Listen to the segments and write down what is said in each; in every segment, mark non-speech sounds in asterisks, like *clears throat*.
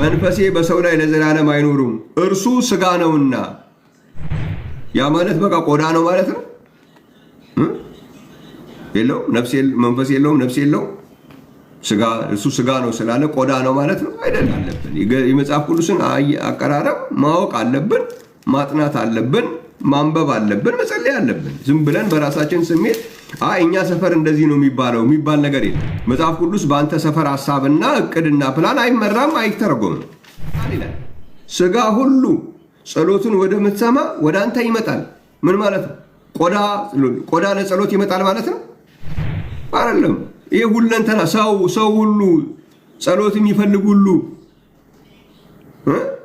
መንፈሴ በሰው ላይ ለዘላለም አይኖሩም፣ እርሱ ስጋ ነውና። ያ ማለት በቃ ቆዳ ነው ማለት ነው። የለውም መንፈስ የለውም ነፍስ የለውም። እሱ ስጋ ነው ስላለ ቆዳ ነው ማለት ነው አይደል? አለብን የመጽሐፍ ቅዱስን አቀራረብ ማወቅ አለብን፣ ማጥናት አለብን። ማንበብ አለብን፣ መጸለይ አለብን። ዝም ብለን በራሳችን ስሜት አይ እኛ ሰፈር እንደዚህ ነው የሚባለው የሚባል ነገር የለም። መጽሐፍ ቅዱስ በአንተ ሰፈር ሀሳብና እቅድና ፕላን አይመራም፣ አይተረጎምም። ስጋ ሁሉ ጸሎቱን ወደምትሰማ ወደ አንተ ይመጣል። ምን ማለት ነው? ቆዳ ለጸሎት ይመጣል ማለት ነው አይደለም። ይህ ሁለንተና ሰው ሰው ሁሉ ጸሎት የሚፈልግ ሁሉ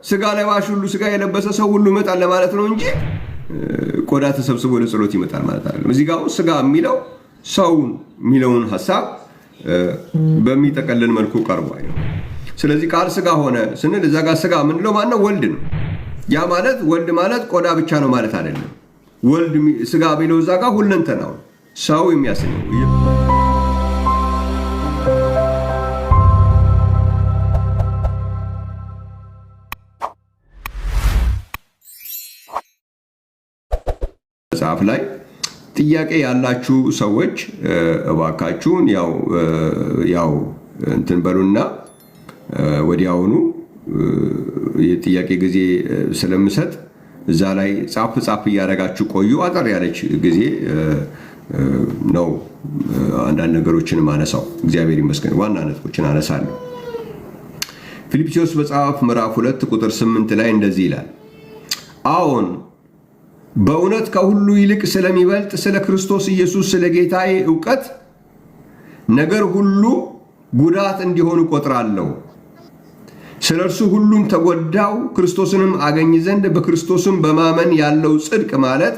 ስጋ ለባሽ ሁሉ ስጋ የለበሰ ሰው ሁሉ ይመጣል ለማለት ነው እንጂ ቆዳ ተሰብስቦ ወደ ጸሎት ይመጣል ማለት አይደለም። እዚህ ጋር ስጋ የሚለው ሰውን የሚለውን ሀሳብ በሚጠቀልል መልኩ ቀርቧል። ስለዚህ ቃል ስጋ ሆነ ስንል እዛ ጋር ስጋ የምንለው ማነው? ወልድ ነው። ያ ማለት ወልድ ማለት ቆዳ ብቻ ነው ማለት አይደለም። ወልድ ስጋ የሚለው እዛ ጋር ሁለንተናው ሰው የሚያስነው ምዕራፍ ላይ ጥያቄ ያላችሁ ሰዎች እባካችሁን ያው እንትን በሉና ወዲያውኑ የጥያቄ ጊዜ ስለምሰጥ እዛ ላይ ጻፍ ጻፍ እያደረጋችሁ ቆዩ። አጠር ያለች ጊዜ ነው። አንዳንድ ነገሮችን ማነሳው እግዚአብሔር ይመስገን ዋና ነጥቦችን አነሳለሁ። ፊልጵስዩስ መጽሐፍ ምዕራፍ ሁለት ቁጥር ስምንት ላይ እንደዚህ ይላል፣ አዎን በእውነት ከሁሉ ይልቅ ስለሚበልጥ ስለ ክርስቶስ ኢየሱስ ስለ ጌታዬ እውቀት ነገር ሁሉ ጉዳት እንዲሆን እቆጥራለሁ። ስለ እርሱ ሁሉን ተጎዳው፣ ክርስቶስንም አገኝ ዘንድ በክርስቶስም በማመን ያለው ጽድቅ ማለት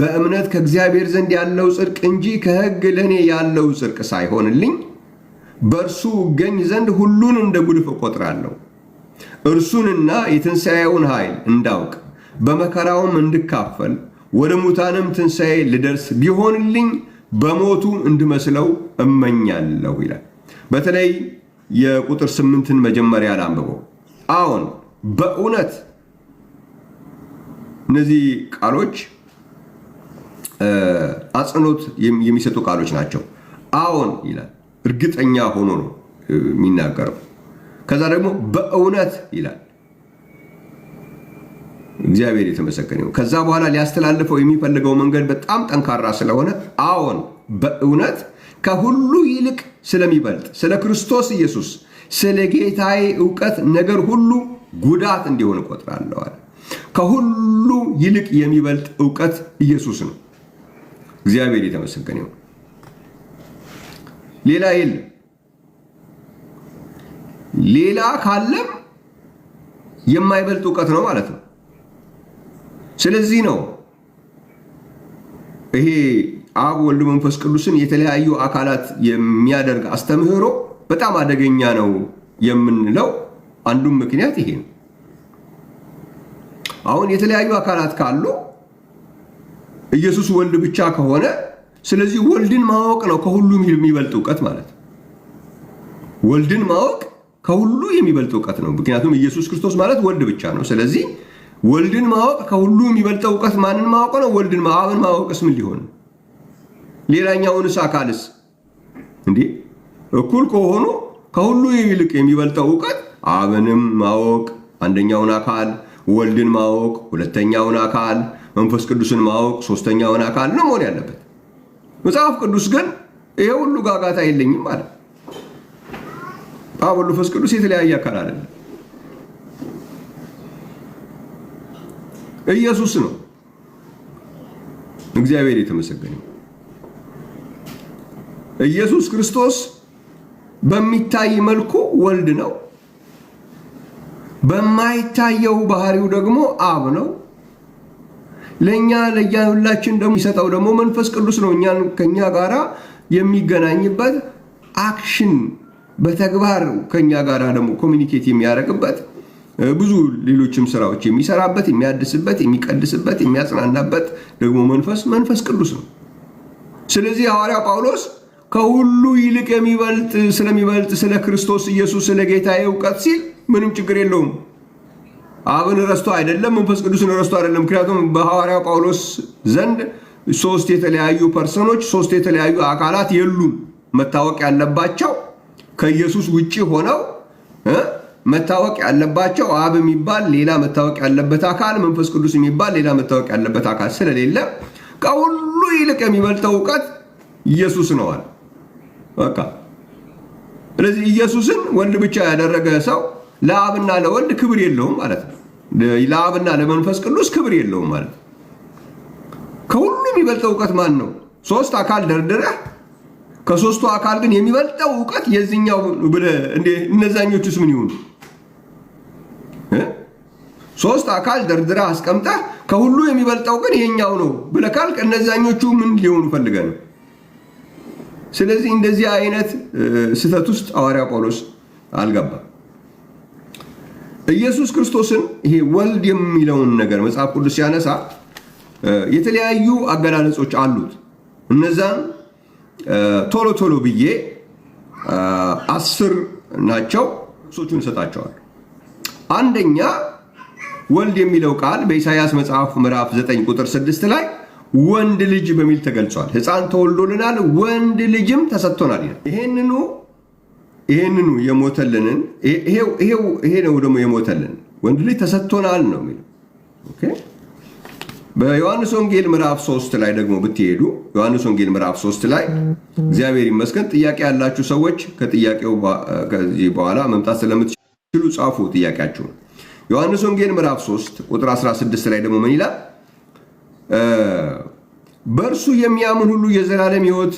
በእምነት ከእግዚአብሔር ዘንድ ያለው ጽድቅ እንጂ ከሕግ ለእኔ ያለው ጽድቅ ሳይሆንልኝ በእርሱ እገኝ ዘንድ ሁሉን እንደ ጉድፍ እቆጥራለሁ፣ እርሱንና የትንሣኤውን ኃይል እንዳውቅ በመከራውም እንድካፈል ወደ ሙታንም ትንሣኤ ልደርስ ቢሆንልኝ በሞቱ እንድመስለው እመኛለሁ ይላል። በተለይ የቁጥር ስምንትን መጀመሪያ ላንብበው። አዎን በእውነት እነዚህ ቃሎች አጽንኦት የሚሰጡ ቃሎች ናቸው። አዎን ይላል፣ እርግጠኛ ሆኖ ነው የሚናገረው። ከዛ ደግሞ በእውነት ይላል እግዚአብሔር የተመሰገነ ነው። ከዛ በኋላ ሊያስተላልፈው የሚፈልገው መንገድ በጣም ጠንካራ ስለሆነ አዎን በእውነት ከሁሉ ይልቅ ስለሚበልጥ ስለ ክርስቶስ ኢየሱስ ስለ ጌታዬ እውቀት ነገር ሁሉ ጉዳት እንዲሆን እቆጥራለዋል። ከሁሉ ይልቅ የሚበልጥ እውቀት ኢየሱስ ነው። እግዚአብሔር የተመሰገነ ነው። ሌላ የለም። ሌላ ካለም የማይበልጥ እውቀት ነው ማለት ነው። ስለዚህ ነው ይሄ አብ ወልድ መንፈስ ቅዱስን የተለያዩ አካላት የሚያደርግ አስተምህሮ በጣም አደገኛ ነው የምንለው። አንዱም ምክንያት ይሄ ነው። አሁን የተለያዩ አካላት ካሉ ኢየሱስ ወልድ ብቻ ከሆነ ስለዚህ ወልድን ማወቅ ነው ከሁሉም የሚበልጥ እውቀት ማለት ወልድን ማወቅ ከሁሉ የሚበልጥ እውቀት ነው። ምክንያቱም ኢየሱስ ክርስቶስ ማለት ወልድ ብቻ ነው። ስለዚህ ወልድን ማወቅ ከሁሉ የሚበልጠው እውቀት ማንን ማወቅ ነው? ወልድን አብን ማወቅስ ምን ሊሆን ሌላኛውንስ አካልስ እንዴ? እኩል ከሆኑ ከሁሉ ይልቅ የሚበልጠው እውቀት አብንም ማወቅ አንደኛውን አካል፣ ወልድን ማወቅ ሁለተኛውን አካል፣ መንፈስ ቅዱስን ማወቅ ሶስተኛውን አካል ነው መሆን ያለበት። መጽሐፍ ቅዱስ ግን ይሄ ሁሉ ጋጋታ የለኝም ማለት አብ፣ ወልድ፣ መንፈስ ቅዱስ የተለያየ አካል አይደለም። ኢየሱስ ነው። እግዚአብሔር የተመሰገነ ኢየሱስ ክርስቶስ በሚታይ መልኩ ወልድ ነው። በማይታየው ባህሪው ደግሞ አብ ነው። ለእኛ ሁላችን ደግሞ የሚሰጠው ደግሞ መንፈስ ቅዱስ ነው። እኛን ከኛ ጋራ የሚገናኝበት አክሽን በተግባር ከኛ ጋራ ደግሞ ኮሚኒኬት የሚያደርግበት ብዙ ሌሎችም ስራዎች የሚሰራበት፣ የሚያድስበት፣ የሚቀድስበት፣ የሚያጽናናበት ደግሞ መንፈስ መንፈስ ቅዱስ ነው። ስለዚህ ሐዋርያ ጳውሎስ ከሁሉ ይልቅ የሚበልጥ ስለሚበልጥ ስለ ክርስቶስ ኢየሱስ ስለ ጌታዬ እውቀት ሲል ምንም ችግር የለውም። አብን ረስቶ አይደለም፣ መንፈስ ቅዱስን ረስቶ አይደለም። ምክንያቱም በሐዋርያው ጳውሎስ ዘንድ ሶስት የተለያዩ ፐርሰኖች ሶስት የተለያዩ አካላት የሉም። መታወቅ ያለባቸው ከኢየሱስ ውጭ ሆነው መታወቅ ያለባቸው አብ የሚባል ሌላ መታወቅ ያለበት አካል፣ መንፈስ ቅዱስ የሚባል ሌላ መታወቅ ያለበት አካል ስለሌለ ከሁሉ ይልቅ የሚበልጠው እውቀት ኢየሱስ ነዋል። በቃ ስለዚህ ኢየሱስን ወንድ ብቻ ያደረገ ሰው ለአብና ለወልድ ክብር የለውም ማለት ነው። ለአብና ለመንፈስ ቅዱስ ክብር የለውም ማለት ነው። ከሁሉ የሚበልጠው እውቀት ማን ነው? ሶስት አካል ደርድረህ ከሶስቱ አካል ግን የሚበልጠው እውቀት የዚህኛው እንደ እነዛኞቹስ ምን ይሁኑ? ሶስት አካል ደርድራ አስቀምጠህ ከሁሉ የሚበልጠው ግን ይሄኛው ነው ብለህ ካልክ እነዛኞቹ ምን ሊሆኑ ፈልገህ ነው? ስለዚህ እንደዚህ አይነት ስህተት ውስጥ ሐዋርያ ጳውሎስ አልገባም። ኢየሱስ ክርስቶስን ይሄ ወልድ የሚለውን ነገር መጽሐፍ ቅዱስ ሲያነሳ የተለያዩ አገላለጾች አሉት እነዛን ቶሎ ቶሎ ብዬ አስር ናቸው ሶቹን እሰጣቸዋል። አንደኛ ወልድ የሚለው ቃል በኢሳይያስ መጽሐፍ ምዕራፍ 9 ቁጥር 6 ላይ ወንድ ልጅ በሚል ተገልጿል። ሕፃን ተወልዶልናል ወንድ ልጅም ተሰጥቶናል ይላል። ይሄንኑ ይሄንኑ የሞተልንን ይሄው ይሄው ይሄ ነው ደግሞ የሞተልን ወንድ ልጅ ተሰጥቶናል ነው የሚለው ኦኬ በዮሐንስ ወንጌል ምዕራፍ 3 ላይ ደግሞ ብትሄዱ ዮሐንስ ወንጌል ምዕራፍ 3 ላይ እግዚአብሔር ይመስገን ጥያቄ ያላችሁ ሰዎች ከጥያቄው ከዚህ በኋላ መምጣት ስለምትችሉ ጻፉ ጥያቄያችሁን። ዮሐንስ ወንጌል ምዕራፍ 3 ቁጥር 16 ላይ ደግሞ ምን ይላል? በእርሱ የሚያምን ሁሉ የዘላለም ሕይወት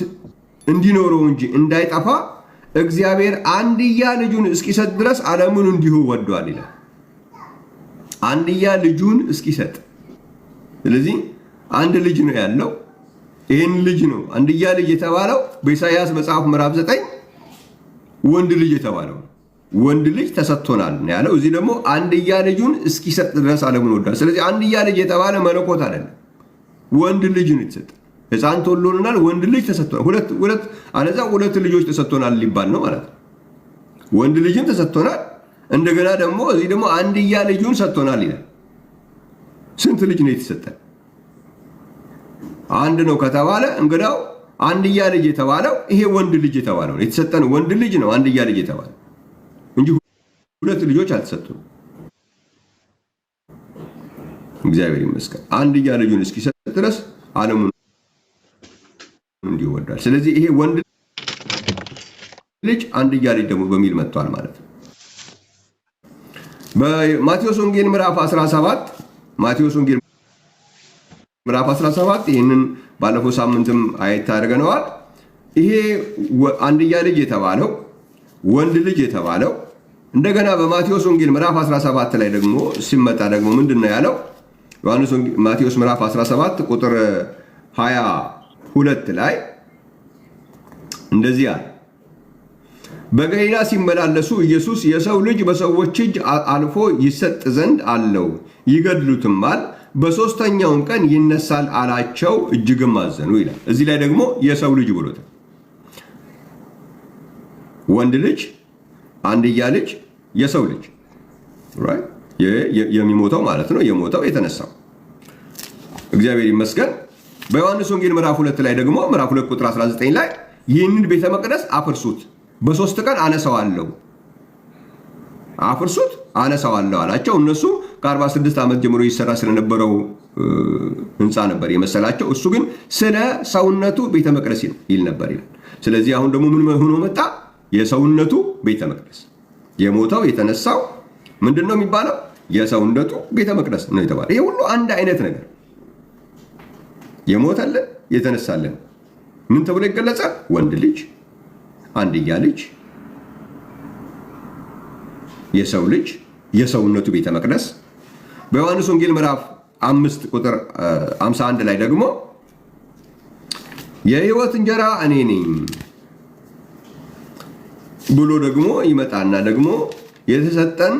እንዲኖረው እንጂ እንዳይጠፋ እግዚአብሔር አንድያ ልጁን እስኪሰጥ ድረስ ዓለሙን እንዲሁ ወዷል ይላል። አንድያ ልጁን እስኪሰጥ ስለዚህ አንድ ልጅ ነው ያለው። ይህን ልጅ ነው አንድያ ልጅ የተባለው በኢሳያስ መጽሐፍ ምዕራፍ ዘጠኝ ወንድ ልጅ የተባለው ወንድ ልጅ ተሰጥቶናል ያለው። እዚህ ደግሞ አንድያ ልጁን እስኪሰጥ ድረስ ዓለሙን ወዷል። ስለዚህ አንድያ ልጅ የተባለ መለኮት አይደለም፣ ወንድ ልጅ ነው የተሰጠ። ሕፃን ተወልዶልናል፣ ወንድ ልጅ ተሰጥቶናል። ሁለት ሁለት አለዛ ሁለት ልጆች ተሰጥቶናል ሊባል ነው ማለት ነው። ወንድ ልጅም ተሰጥቶናል። እንደገና ደግሞ እዚህ ደግሞ አንድያ ልጁን ሰጥቶናል ይላል። ስንት ልጅ ነው የተሰጠን? አንድ ነው ከተባለ እንግዳው አንድያ ልጅ የተባለው ይሄ ወንድ ልጅ የተባለው የተሰጠን ወንድ ልጅ ነው አንድያ ልጅ የተባለ እንጂ ሁለት ልጆች አልተሰጡም። እግዚአብሔር ይመስገን። አንድያ ልጁን እስኪሰጥ ድረስ ዓለሙን እንዲወዳል። ስለዚህ ይሄ ወንድ ልጅ አንድያ ልጅ ደግሞ በሚል መጥቷል ማለት ነው። በማቴዎስ ወንጌል ምዕራፍ 17 ማቴዎስ ወንጌል ምዕራፍ 17 ይህንን ባለፈው ሳምንትም አየት አድርገነዋል። ይሄ አንድያ ልጅ የተባለው ወንድ ልጅ የተባለው እንደገና በማቴዎስ ወንጌል ምዕራፍ 17 ላይ ደግሞ ሲመጣ ደግሞ ምንድን ነው ያለው? ማቴዎስ ምዕራፍ 17 ቁጥር 22 ላይ እንደዚህ አለ በገሊላ ሲመላለሱ ኢየሱስ የሰው ልጅ በሰዎች እጅ አልፎ ይሰጥ ዘንድ አለው፣ ይገድሉትማል፣ በሦስተኛውም ቀን ይነሳል አላቸው። እጅግም አዘኑ ይላል። እዚህ ላይ ደግሞ የሰው ልጅ ብሎታል። ወንድ ልጅ፣ አንድያ ልጅ፣ የሰው ልጅ የሚሞተው ማለት ነው። የሞተው የተነሳው እግዚአብሔር ይመስገን። በዮሐንስ ወንጌል ምዕራፍ ሁለት ላይ ደግሞ ምዕራፍ ሁለት ቁጥር 19 ላይ ይህንን ቤተ መቅደስ አፍርሱት በሶስት ቀን አነሳዋለሁ፣ አፍርሱት አነሳዋለሁ አላቸው። እነሱ ከ46 ዓመት ጀምሮ ይሰራ ስለነበረው ህንፃ ነበር የመሰላቸው። እሱ ግን ስለ ሰውነቱ ቤተ መቅደስ ይል ነበር ይላል። ስለዚህ አሁን ደግሞ ምን ሆኖ መጣ? የሰውነቱ ቤተ መቅደስ የሞተው የተነሳው ምንድን ነው የሚባለው? የሰውነቱ ቤተ መቅደስ ነው የተባለ። ይህ ሁሉ አንድ አይነት ነገር የሞተልን የተነሳልን ምን ተብሎ ይገለጻል? ወንድ ልጅ አንድያ ልጅ የሰው ልጅ የሰውነቱ ቤተ መቅደስ በዮሐንስ ወንጌል ምዕራፍ አምስት ቁጥር 51 ላይ ደግሞ የህይወት እንጀራ እኔ ነኝ ብሎ ደግሞ ይመጣና ደግሞ የተሰጠን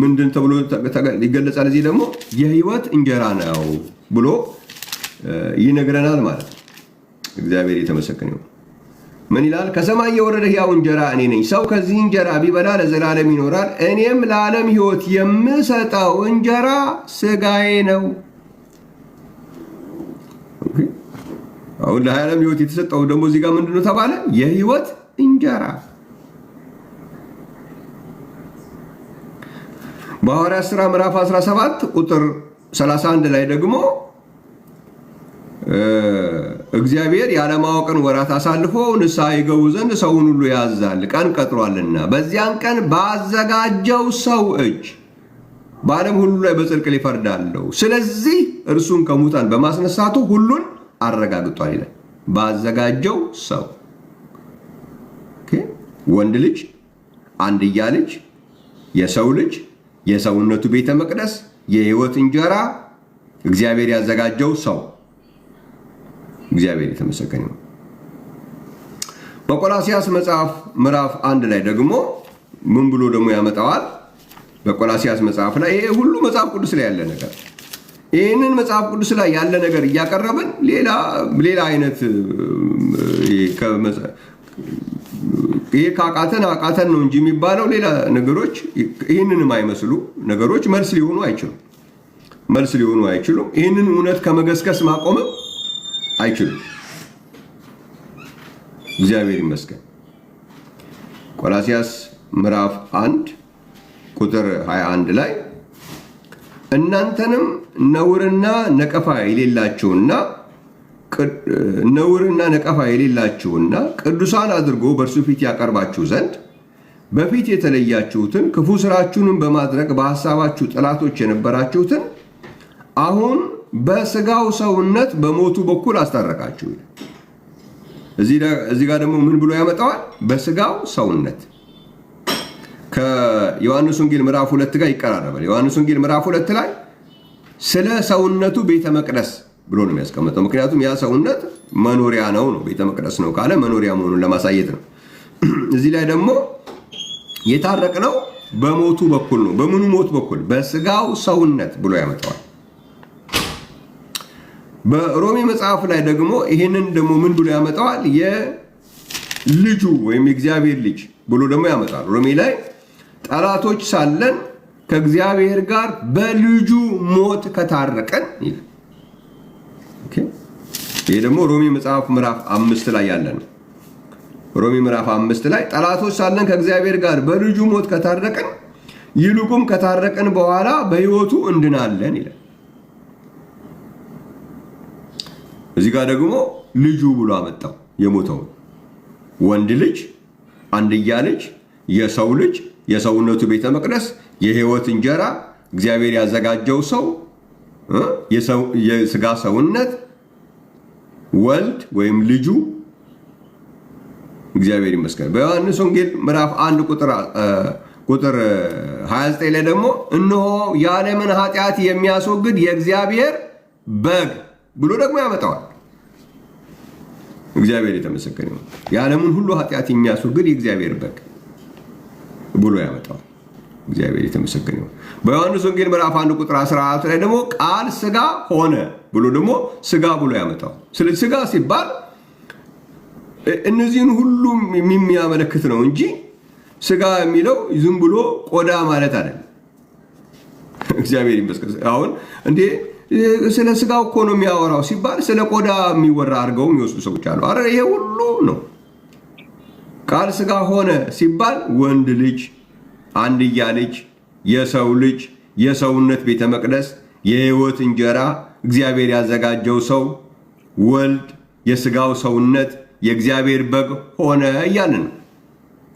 ምንድን ተብሎ ይገለጻል። እዚህ ደግሞ የህይወት እንጀራ ነው ብሎ ይነግረናል ማለት ነው። እግዚአብሔር የተመሰገነ ይሁን። ምን ይላል? ከሰማይ የወረደ ሕያው እንጀራ እኔ ነኝ። ሰው ከዚህ እንጀራ ቢበላ ለዘላለም ይኖራል። እኔም ለዓለም ሕይወት የምሰጠው እንጀራ ስጋዬ ነው። አሁን ለዓለም ሕይወት የተሰጠው ደግሞ እዚህ ጋር ምንድነው ተባለ? የሕይወት እንጀራ በሐዋርያት ሥራ ምዕራፍ 17 ቁጥር 31 ላይ ደግሞ እግዚአብሔር ያለማወቅን ወራት አሳልፎ ንስሐ ይገቡ ዘንድ ሰውን ሁሉ ያዛል፣ ቀን ቀጥሯልና። በዚያን ቀን ባዘጋጀው ሰው እጅ በዓለም ሁሉ ላይ በጽድቅ ሊፈርዳለው። ስለዚህ እርሱን ከሙታን በማስነሳቱ ሁሉን አረጋግጧል ይላል። ባዘጋጀው ሰው ወንድ ልጅ፣ አንድያ ልጅ፣ የሰው ልጅ፣ የሰውነቱ ቤተ መቅደስ፣ የህይወት እንጀራ፣ እግዚአብሔር ያዘጋጀው ሰው እግዚአብሔር የተመሰገነ ነው። በቆላሲያስ መጽሐፍ ምዕራፍ አንድ ላይ ደግሞ ምን ብሎ ደግሞ ያመጣዋል? በቆላሲያስ መጽሐፍ ላይ ይሄ ሁሉ መጽሐፍ ቅዱስ ላይ ያለ ነገር ይህንን መጽሐፍ ቅዱስ ላይ ያለ ነገር እያቀረብን ሌላ አይነት ይሄ ከአቃተን አቃተን ነው እንጂ የሚባለው ሌላ ነገሮች ይህንን አይመስሉ ነገሮች መልስ ሊሆኑ አይችሉም። መልስ ሊሆኑ አይችሉም። ይህንን እውነት ከመገስገስ ማቆምም አይችሉም። እግዚአብሔር ይመስገን። ቆላሲያስ ምዕራፍ 1 ቁጥር 21 ላይ እናንተንም ነውርና ነቀፋ የሌላችሁና ነውርና ነቀፋ የሌላችሁና ቅዱሳን አድርጎ በእርሱ ፊት ያቀርባችሁ ዘንድ በፊት የተለያችሁትን ክፉ ስራችሁንም በማድረግ በሐሳባችሁ ጠላቶች የነበራችሁትን አሁን በስጋው ሰውነት በሞቱ በኩል አስታረቃችሁ። እዚህ ጋር ደግሞ ምን ብሎ ያመጣዋል? በስጋው ሰውነት ከዮሐንስ ወንጌል ምዕራፍ ሁለት ጋር ይቀራረባል። ዮሐንስ ወንጌል ምዕራፍ ሁለት ላይ ስለ ሰውነቱ ቤተ መቅደስ ብሎ ነው የሚያስቀምጠው። ምክንያቱም ያ ሰውነት መኖሪያ ነው ነው ቤተ መቅደስ ነው ካለ መኖሪያ መሆኑን ለማሳየት ነው። *clears throat* እዚህ ላይ ደግሞ የታረቅነው በሞቱ በኩል ነው። በምኑ ሞት በኩል? በስጋው ሰውነት ብሎ ያመጣዋል። በሮሚ መጽሐፍ ላይ ደግሞ ይህንን ደግሞ ምን ብሎ ያመጣዋል? የልጁ ወይም የእግዚአብሔር ልጅ ብሎ ደግሞ ያመጣል። ሮሚ ላይ ጠላቶች ሳለን ከእግዚአብሔር ጋር በልጁ ሞት ከታረቀን ይላል። ደግሞ ሮሚ መጽሐፍ ምዕራፍ አምስት ላይ ያለ ነው። ሮሚ ምዕራፍ አምስት ላይ ጠላቶች ሳለን ከእግዚአብሔር ጋር በልጁ ሞት ከታረቀን ይልቁም ከታረቀን በኋላ በሕይወቱ እንድናለን ይላል። እዚህ ጋር ደግሞ ልጁ ብሎ አመጣው የሞተው ወንድ ልጅ አንድያ ልጅ የሰው ልጅ የሰውነቱ ቤተ መቅደስ የህይወት እንጀራ እግዚአብሔር ያዘጋጀው ሰው የስጋ ሰውነት ወልድ ወይም ልጁ እግዚአብሔር ይመስገን። በዮሐንስ ወንጌል ምዕራፍ አንድ ቁጥር ቁጥር 29 ላይ ደግሞ እነሆ የዓለምን ኃጢአት የሚያስወግድ የእግዚአብሔር በግ ብሎ ደግሞ ያመጣዋል። እግዚአብሔር የተመሰገነ ነው። የዓለሙን ሁሉ ኃጢአት የሚያስወግድ የእግዚአብሔር በግ ብሎ ያመጣዋል። እግዚአብሔር የተመሰገነ ነው። በዮሐንስ ወንጌል ምዕራፍ 1 ቁጥር 14 ላይ ደግሞ ቃል ስጋ ሆነ ብሎ ደግሞ ስጋ ብሎ ያመጣዋል። ስለዚህ ስጋ ሲባል እነዚህን ሁሉ የሚያመለክት ነው እንጂ ስጋ የሚለው ዝም ብሎ ቆዳ ማለት አይደለም። እግዚአብሔር ይመስገን። አሁን እንዴ ስለ ስጋው እኮ ነው የሚያወራው ሲባል ስለ ቆዳ የሚወራ አድርገው የሚወስዱ ሰዎች አሉ። አረ ይሄ ሁሉ ነው። ቃል ስጋ ሆነ ሲባል ወንድ ልጅ፣ አንድያ ልጅ፣ የሰው ልጅ፣ የሰውነት ቤተ መቅደስ፣ የህይወት እንጀራ፣ እግዚአብሔር ያዘጋጀው ሰው ወልድ፣ የስጋው ሰውነት፣ የእግዚአብሔር በግ ሆነ እያለ ነው።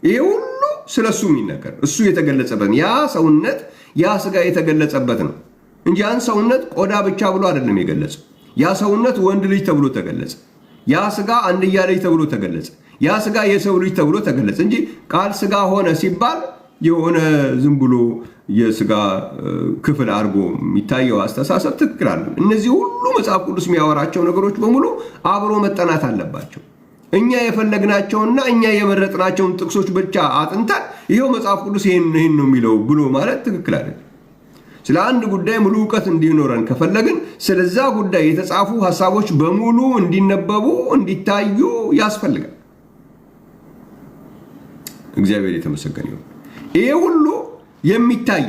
ይሄ ሁሉ ስለ እሱ የሚነገር እሱ የተገለጸበት ያ ሰውነት ያ ስጋ የተገለጸበት ነው። እንጂ ያን ሰውነት ቆዳ ብቻ ብሎ አይደለም የገለጸው። ያ ሰውነት ወንድ ልጅ ተብሎ ተገለጸ። ያ ስጋ አንድያ ልጅ ተብሎ ተገለጸ። ያ ስጋ የሰው ልጅ ተብሎ ተገለጸ እንጂ ቃል ስጋ ሆነ ሲባል የሆነ ዝም ብሎ የስጋ ክፍል አድርጎ የሚታየው አስተሳሰብ ትክክል አለ። እነዚህ ሁሉ መጽሐፍ ቅዱስ የሚያወራቸው ነገሮች በሙሉ አብሮ መጠናት አለባቸው። እኛ የፈለግናቸውና እኛ የመረጥናቸውን ጥቅሶች ብቻ አጥንተን ይኸው መጽሐፍ ቅዱስ ይህን ነው የሚለው ብሎ ማለት ትክክል አለ። ስለ አንድ ጉዳይ ሙሉ እውቀት እንዲኖረን ከፈለግን ስለዛ ጉዳይ የተጻፉ ሀሳቦች በሙሉ እንዲነበቡ እንዲታዩ ያስፈልጋል። እግዚአብሔር የተመሰገነ ይሁን። ይሄ ሁሉ የሚታይ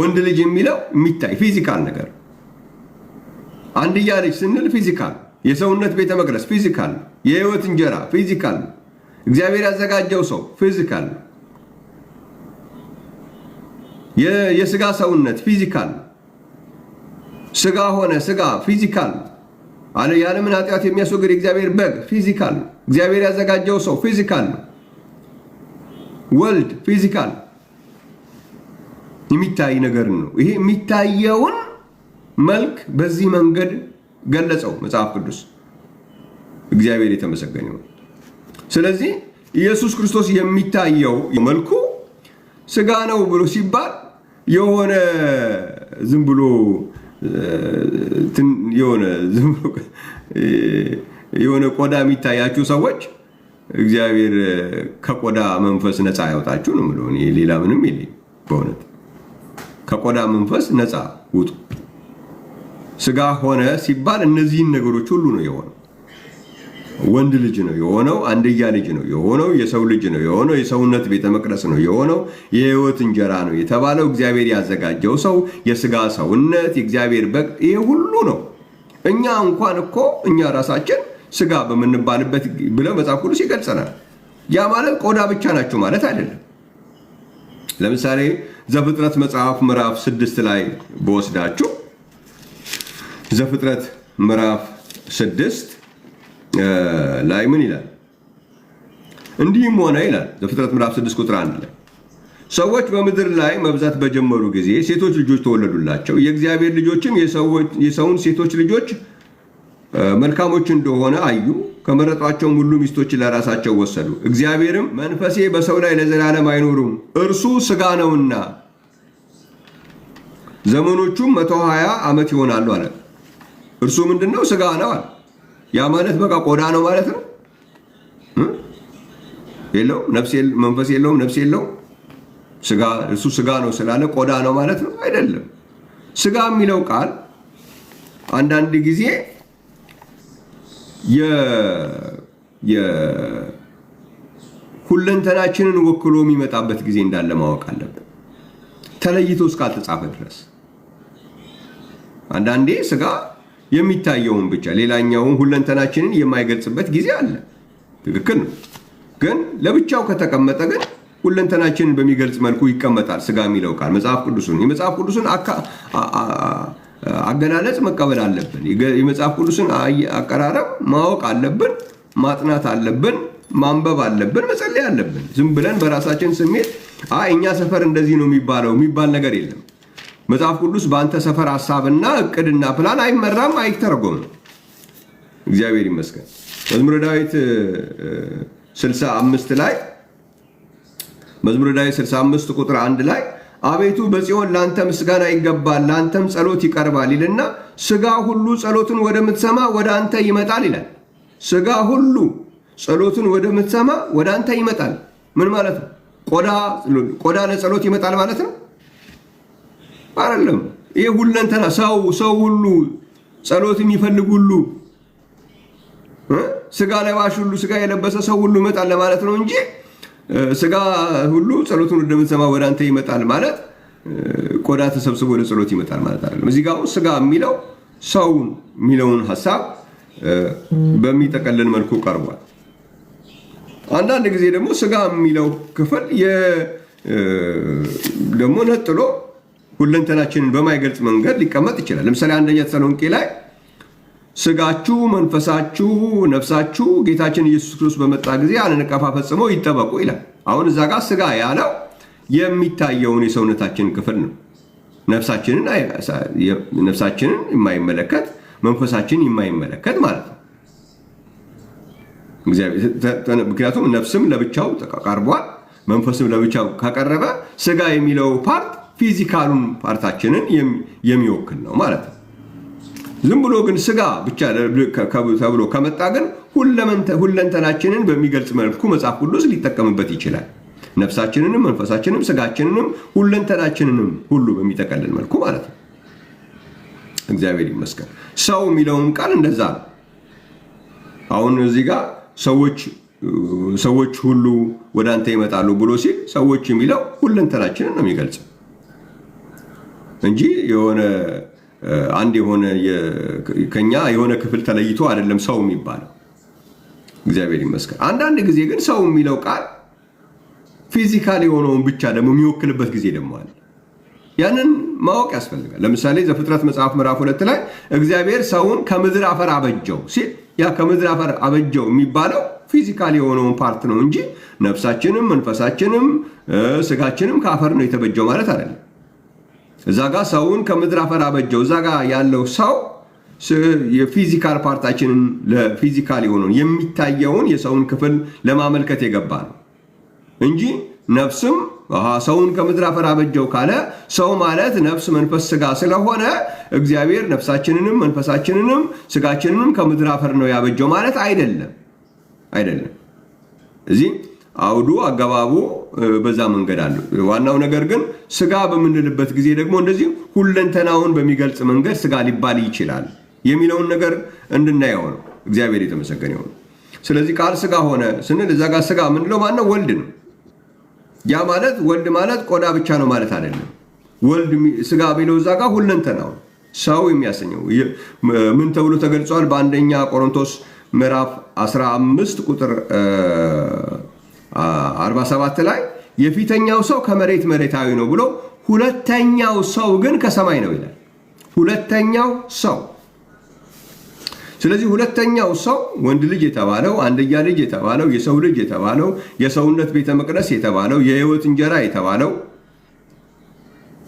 ወንድ ልጅ የሚለው የሚታይ ፊዚካል ነገር አንድያ ልጅ ስንል ፊዚካል የሰውነት ቤተ መቅደስ ፊዚካል፣ የህይወት እንጀራ ፊዚካል፣ እግዚአብሔር ያዘጋጀው ሰው ፊዚካል የስጋ ሰውነት ፊዚካል ስጋ ሆነ ስጋ ፊዚካል አለ ያለምን ኃጢአት የሚያስወግድ የእግዚአብሔር በግ ፊዚካል እግዚአብሔር ያዘጋጀው ሰው ፊዚካል ወልድ ፊዚካል የሚታይ ነገር ነው። ይሄ የሚታየውን መልክ በዚህ መንገድ ገለጸው መጽሐፍ ቅዱስ። እግዚአብሔር የተመሰገነ ስለዚህ ኢየሱስ ክርስቶስ የሚታየው መልኩ ስጋ ነው ብሎ ሲባል የሆነ ዝም ብሎ የሆነ *laughs* የሆነ ቆዳ የሚታያችሁ ሰዎች እግዚአብሔር ከቆዳ መንፈስ ነፃ ያውጣችሁ ነው የምለው። ሌላ ምንም የለኝም። በእውነት ከቆዳ መንፈስ ነፃ ውጡ። ስጋ ሆነ ሲባል እነዚህን ነገሮች ሁሉ ነው የሆነ ወንድ ልጅ ነው የሆነው፣ አንድያ ልጅ ነው የሆነው፣ የሰው ልጅ ነው የሆነው፣ የሰውነት ቤተ መቅደስ ነው የሆነው፣ የህይወት እንጀራ ነው የተባለው፣ እግዚአብሔር ያዘጋጀው ሰው፣ የስጋ ሰውነት፣ የእግዚአብሔር በግ፣ ይሄ ሁሉ ነው። እኛ እንኳን እኮ እኛ ራሳችን ስጋ በምንባልበት ብለ መጽሐፍ ቅዱስ ይገልጸናል። ያ ማለት ቆዳ ብቻ ናቸው ማለት አይደለም። ለምሳሌ ዘፍጥረት መጽሐፍ ምዕራፍ ስድስት ላይ በወስዳችሁ ዘፍጥረት ምዕራፍ ስድስት ላይ ምን ይላል? እንዲህም ሆነ ይላል ዘፍጥረት ምዕራፍ 6 ቁጥር 1 ላይ ሰዎች በምድር ላይ መብዛት በጀመሩ ጊዜ ሴቶች ልጆች ተወለዱላቸው። የእግዚአብሔር ልጆችም የሰውን ሴቶች ልጆች መልካሞች እንደሆነ አዩ። ከመረጧቸውም ሁሉ ሚስቶች ለራሳቸው ወሰዱ። እግዚአብሔርም መንፈሴ በሰው ላይ ለዘላለም አይኖሩም፣ እርሱ ስጋ ነውና ዘመኖቹም መቶ ሀያ ዓመት ይሆናሉ አለ። እርሱ ምንድን ነው? ነው አለ። ያ ማለት በቃ ቆዳ ነው ማለት ነው። የለውም ነፍስ፣ መንፈስ የለውም፣ ነፍስ የለውም። ስጋ እሱ ስጋ ነው ስላለ ቆዳ ነው ማለት ነው አይደለም። ስጋ የሚለው ቃል አንዳንድ ጊዜ ሁለንተናችንን ወክሎ የሚመጣበት ጊዜ እንዳለ ማወቅ አለብን፣ ተለይቶ እስካልተጻፈ ድረስ አንዳንዴ ስጋ የሚታየውን ብቻ ሌላኛውን ሁለንተናችንን የማይገልጽበት ጊዜ አለ። ትክክል ነው። ግን ለብቻው ከተቀመጠ ግን ሁለንተናችንን በሚገልጽ መልኩ ይቀመጣል። ስጋ የሚለው ቃል መጽሐፍ ቅዱስን የመጽሐፍ ቅዱስን አገላለጽ መቀበል አለብን። የመጽሐፍ ቅዱስን አቀራረብ ማወቅ አለብን፣ ማጥናት አለብን፣ ማንበብ አለብን፣ መጸለይ አለብን። ዝም ብለን በራሳችን ስሜት እኛ ሰፈር እንደዚህ ነው የሚባለው የሚባል ነገር የለም። መጽሐፍ ቅዱስ በአንተ ሰፈር ሀሳብና እቅድና ፕላን አይመራም፣ አይተረጎምም። እግዚአብሔር ይመስገን። መዝሙረ ዳዊት 65 ላይ መዝሙረ ዳዊት 65 ቁጥር 1 ላይ አቤቱ በጽዮን ላንተ ምስጋና ይገባል፣ ላንተም ጸሎት ይቀርባል ይልና ስጋ ሁሉ ጸሎትን ወደምትሰማ ወደ አንተ ይመጣል ይላል። ስጋ ሁሉ ጸሎትን ወደምትሰማ ወደ አንተ ይመጣል። ምን ማለት ነው? ቆዳ ለጸሎት ይመጣል ማለት ነው። አይደለም። ይሄ ሁለንተና ሰው ሰው ሁሉ ጸሎት የሚፈልግ ሁሉ ስጋ ለባሽ ሁሉ ስጋ የለበሰ ሰው ሁሉ ይመጣል ለማለት ነው እንጂ ስጋ ሁሉ ጸሎቱን እንደምትሰማ ወደ አንተ ይመጣል ማለት ቆዳ ተሰብስቦ ወደ ጸሎት ይመጣል ማለት አይደለም። እዚህ ጋር ስጋ የሚለው ሰው የሚለውን ሀሳብ በሚጠቀልል መልኩ ቀርቧል። አንዳንድ ጊዜ ደግሞ ስጋ የሚለው ክፍል ደግሞ ነጥሎ ሁለንተናችንን በማይገልጽ መንገድ ሊቀመጥ ይችላል። ለምሳሌ አንደኛ ተሰሎንቄ ላይ ስጋችሁ፣ መንፈሳችሁ፣ ነፍሳችሁ ጌታችን ኢየሱስ ክርስቶስ በመጣ ጊዜ አለንቀፋ ፈጽሞ ይጠበቁ ይላል። አሁን እዛ ጋር ስጋ ያለው የሚታየውን የሰውነታችን ክፍል ነው። ነፍሳችንን የማይመለከት መንፈሳችን የማይመለከት ማለት ነው። ምክንያቱም ነፍስም ለብቻው ቀርቧል፣ መንፈስም ለብቻው ከቀረበ ስጋ የሚለው ፓርት ፊዚካሉን ፓርታችንን የሚወክል ነው ማለት ነው። ዝም ብሎ ግን ስጋ ብቻ ተብሎ ከመጣ ግን ሁለንተናችንን በሚገልጽ መልኩ መጽሐፍ ቅዱስ ሊጠቀምበት ይችላል። ነፍሳችንንም፣ መንፈሳችንም፣ ስጋችንንም ሁለንተናችንንም ሁሉ በሚጠቀልል መልኩ ማለት ነው። እግዚአብሔር ይመስገን። ሰው የሚለውን ቃል እንደዛ ነው። አሁን እዚህ ጋር ሰዎች ሰዎች ሁሉ ወደ አንተ ይመጣሉ ብሎ ሲል ሰዎች የሚለው ሁለንተናችንን ነው የሚገልጸው። እንጂ የሆነ አንድ የሆነ ከኛ የሆነ ክፍል ተለይቶ አይደለም ሰው የሚባለው። እግዚአብሔር ይመስገን። አንዳንድ ጊዜ ግን ሰው የሚለው ቃል ፊዚካል የሆነውን ብቻ ደግሞ የሚወክልበት ጊዜ ደግሞ አለ። ያንን ማወቅ ያስፈልጋል። ለምሳሌ ዘፍጥረት መጽሐፍ ምዕራፍ ሁለት ላይ እግዚአብሔር ሰውን ከምድር አፈር አበጀው ሲል ያ ከምድር አፈር አበጀው የሚባለው ፊዚካል የሆነውን ፓርት ነው እንጂ ነፍሳችንም መንፈሳችንም ስጋችንም ከአፈር ነው የተበጀው ማለት አይደለም። እዛ ጋር ሰውን ከምድር አፈር አበጀው። እዛ ጋር ያለው ሰው የፊዚካል ፓርታችንን ለፊዚካል የሆነውን የሚታየውን የሰውን ክፍል ለማመልከት የገባ ነው እንጂ ነፍስም ሰውን ከምድር አፈር አበጀው ካለ ሰው ማለት ነፍስ፣ መንፈስ፣ ስጋ ስለሆነ እግዚአብሔር ነፍሳችንንም መንፈሳችንንም ስጋችንንም ከምድር አፈር ነው ያበጀው ማለት አይደለም አይደለም። እዚህ አውዱ አገባቡ በዛ መንገድ አለ። ዋናው ነገር ግን ስጋ በምንልበት ጊዜ ደግሞ እንደዚህ ሁለንተናውን በሚገልጽ መንገድ ስጋ ሊባል ይችላል የሚለውን ነገር እንድናየው ነው። እግዚአብሔር የተመሰገነ ይሁን። ስለዚህ ቃል ስጋ ሆነ ስንል እዛ ጋር ስጋ ምንለው ማነው? ወልድ ነው። ያ ማለት ወልድ ማለት ቆዳ ብቻ ነው ማለት አይደለም። ወልድ ስጋ ቢለው እዛ ጋር ሁለንተናው ሰው የሚያሰኘው ምን ተብሎ ተገልጿል? በአንደኛ ቆሮንቶስ ምዕራፍ 15 ቁጥር 47 ላይ የፊተኛው ሰው ከመሬት መሬታዊ ነው ብሎ ሁለተኛው ሰው ግን ከሰማይ ነው ይላል። ሁለተኛው ሰው ስለዚህ ሁለተኛው ሰው ወንድ ልጅ የተባለው አንድያ ልጅ የተባለው የሰው ልጅ የተባለው የሰውነት ቤተ መቅደስ የተባለው የሕይወት እንጀራ የተባለው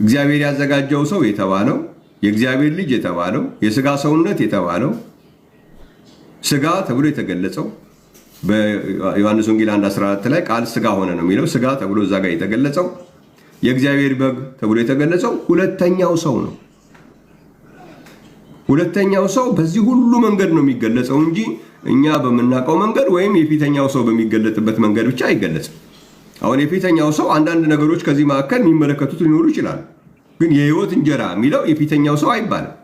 እግዚአብሔር ያዘጋጀው ሰው የተባለው የእግዚአብሔር ልጅ የተባለው የስጋ ሰውነት የተባለው ስጋ ተብሎ የተገለጸው በዮሐንስ ወንጌል 1 14 ላይ ቃል ስጋ ሆነ ነው የሚለው። ስጋ ተብሎ እዛ ጋር የተገለጸው የእግዚአብሔር በግ ተብሎ የተገለጸው ሁለተኛው ሰው ነው። ሁለተኛው ሰው በዚህ ሁሉ መንገድ ነው የሚገለጸው እንጂ እኛ በምናውቀው መንገድ ወይም የፊተኛው ሰው በሚገለጥበት መንገድ ብቻ አይገለጽም። አሁን የፊተኛው ሰው አንዳንድ ነገሮች ከዚህ መካከል የሚመለከቱት ሊኖሩ ይችላሉ። ግን የህይወት እንጀራ የሚለው የፊተኛው ሰው አይባልም።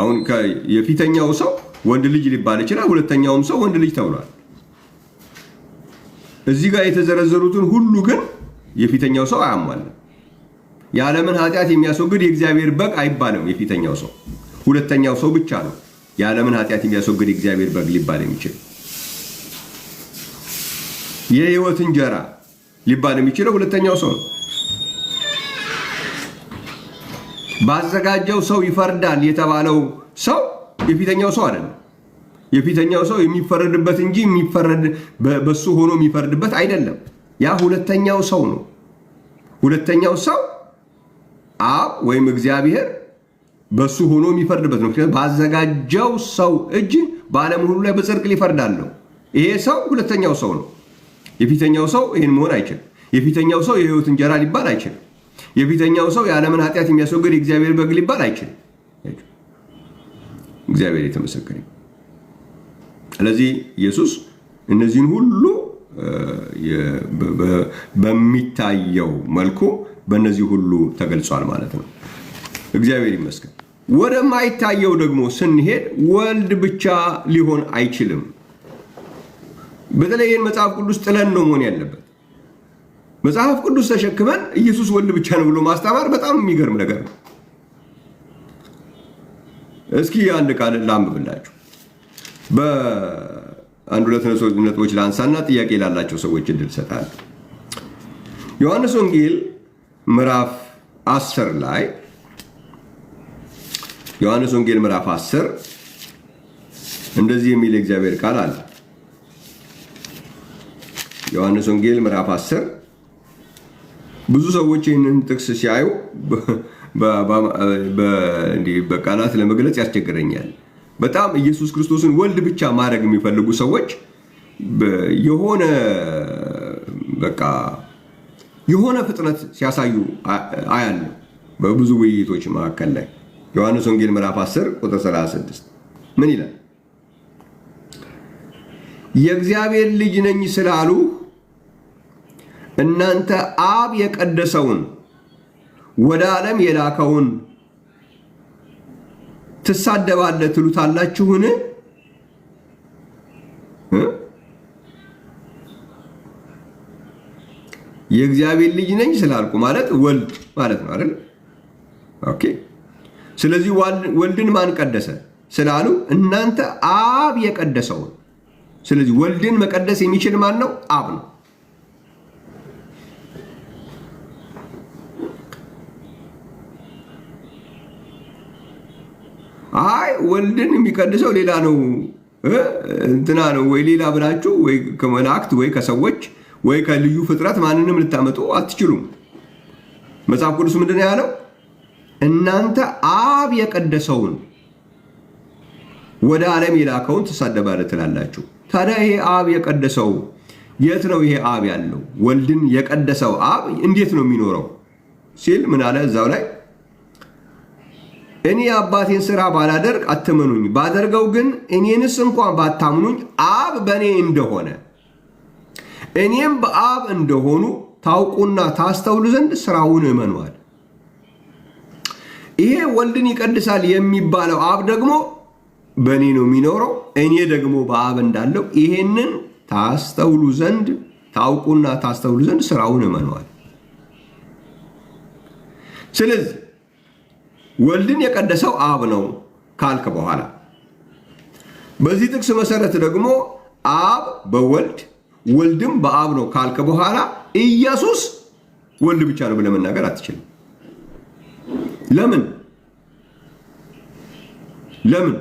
አሁን የፊተኛው ሰው ወንድ ልጅ ሊባል ይችላል። ሁለተኛውም ሰው ወንድ ልጅ ተብሏል። እዚህ ጋር የተዘረዘሩትን ሁሉ ግን የፊተኛው ሰው አያሟልም። የዓለምን ኃጢአት የሚያስወግድ የእግዚአብሔር በግ አይባልም። የፊተኛው ሰው ሁለተኛው ሰው ብቻ ነው የዓለምን ኃጢአት የሚያስወግድ የእግዚአብሔር በግ ሊባል የሚችል። የህይወት እንጀራ ሊባል የሚችለው ሁለተኛው ሰው ነው። ባዘጋጀው ሰው ይፈርዳል የተባለው ሰው የፊተኛው ሰው አይደለም። የፊተኛው ሰው የሚፈረድበት እንጂ የሚፈረድ በሱ ሆኖ የሚፈርድበት አይደለም። ያ ሁለተኛው ሰው ነው። ሁለተኛው ሰው አብ ወይም እግዚአብሔር በሱ ሆኖ የሚፈርድበት ነው። ምክንያቱም ባዘጋጀው ሰው እጅ በዓለም ሁሉ ላይ በጽድቅ ሊፈርዳለሁ። ይሄ ሰው ሁለተኛው ሰው ነው። የፊተኛው ሰው ይህን መሆን አይችልም። የፊተኛው ሰው የህይወት እንጀራ ሊባል አይችልም። የፊተኛው ሰው የዓለምን ኃጢአት የሚያስወግድ የእግዚአብሔር በግ ሊባል አይችልም። እግዚአብሔር የተመሰገነ። ስለዚህ ኢየሱስ እነዚህን ሁሉ በሚታየው መልኩ በእነዚህ ሁሉ ተገልጿል ማለት ነው። እግዚአብሔር ይመስገን። ወደማይታየው ደግሞ ስንሄድ ወልድ ብቻ ሊሆን አይችልም። በተለይ ይህን መጽሐፍ ቅዱስ ጥለን ነው መሆን ያለበት። መጽሐፍ ቅዱስ ተሸክመን ኢየሱስ ወልድ ብቻ ነው ብሎ ማስተማር በጣም የሚገርም ነገር ነው። እስኪ አንድ ቃል ላንብብላችሁ በአንድ ሁለት ነጥቦች ላንሳና ጥያቄ ላላቸው ሰዎች እድል ሰጣል። ዮሐንስ ወንጌል ምዕራፍ 10 ላይ ዮሐንስ ወንጌል ምዕራፍ 10 እንደዚህ የሚል የእግዚአብሔር ቃል አለ። ዮሐንስ ወንጌል ምዕራፍ 10 ብዙ ሰዎች ይህንን ጥቅስ ሲያዩ በቃላት ለመግለጽ ያስቸግረኛል። በጣም ኢየሱስ ክርስቶስን ወልድ ብቻ ማድረግ የሚፈልጉ ሰዎች የሆነ በቃ የሆነ ፍጥነት ሲያሳዩ አያለ በብዙ ውይይቶች መካከል ላይ ዮሐንስ ወንጌል ምዕራፍ 10 ቁጥር 36 ምን ይላል? የእግዚአብሔር ልጅ ነኝ ስላሉ እናንተ አብ የቀደሰውን ወደ ዓለም የላከውን ትሳደባለ ትሉታላችሁን? የእግዚአብሔር ልጅ ነኝ ስላልኩ ማለት ወልድ ማለት ነው አይደል? ኦኬ። ስለዚህ ወልድን ማን ቀደሰ ስላሉ እናንተ አብ የቀደሰውን። ስለዚህ ወልድን መቀደስ የሚችል ማን ነው? አብ ነው። አይ ወልድን የሚቀድሰው ሌላ ነው እንትና ነው ወይ ሌላ ብላችሁ ወይ ከመላእክት ወይ ከሰዎች ወይ ከልዩ ፍጥረት ማንንም ልታመጡ አትችሉም። መጽሐፍ ቅዱስ ምንድን ነው ያለው? እናንተ አብ የቀደሰውን ወደ ዓለም የላከውን ትሳደባለህ ትላላችሁ። ታዲያ ይሄ አብ የቀደሰው የት ነው? ይሄ አብ ያለው ወልድን የቀደሰው አብ እንዴት ነው የሚኖረው ሲል ምን አለ እዛው ላይ እኔ የአባቴን ሥራ ባላደርግ አትመኑኝ፣ ባደርገው ግን እኔንስ እንኳን ባታምኑኝ አብ በእኔ እንደሆነ እኔም በአብ እንደሆኑ ታውቁና ታስተውሉ ዘንድ ሥራውን እመኗል። ይሄ ወልድን ይቀድሳል የሚባለው አብ ደግሞ በእኔ ነው የሚኖረው፣ እኔ ደግሞ በአብ እንዳለው ይሄንን ታስተውሉ ዘንድ ታውቁና ታስተውሉ ዘንድ ሥራውን እመኗል። ስለዚህ ወልድን የቀደሰው አብ ነው ካልክ በኋላ በዚህ ጥቅስ መሰረት ደግሞ አብ በወልድ ወልድም በአብ ነው ካልክ በኋላ ኢየሱስ ወልድ ብቻ ነው ብለህ መናገር አትችልም። ለምን ለምን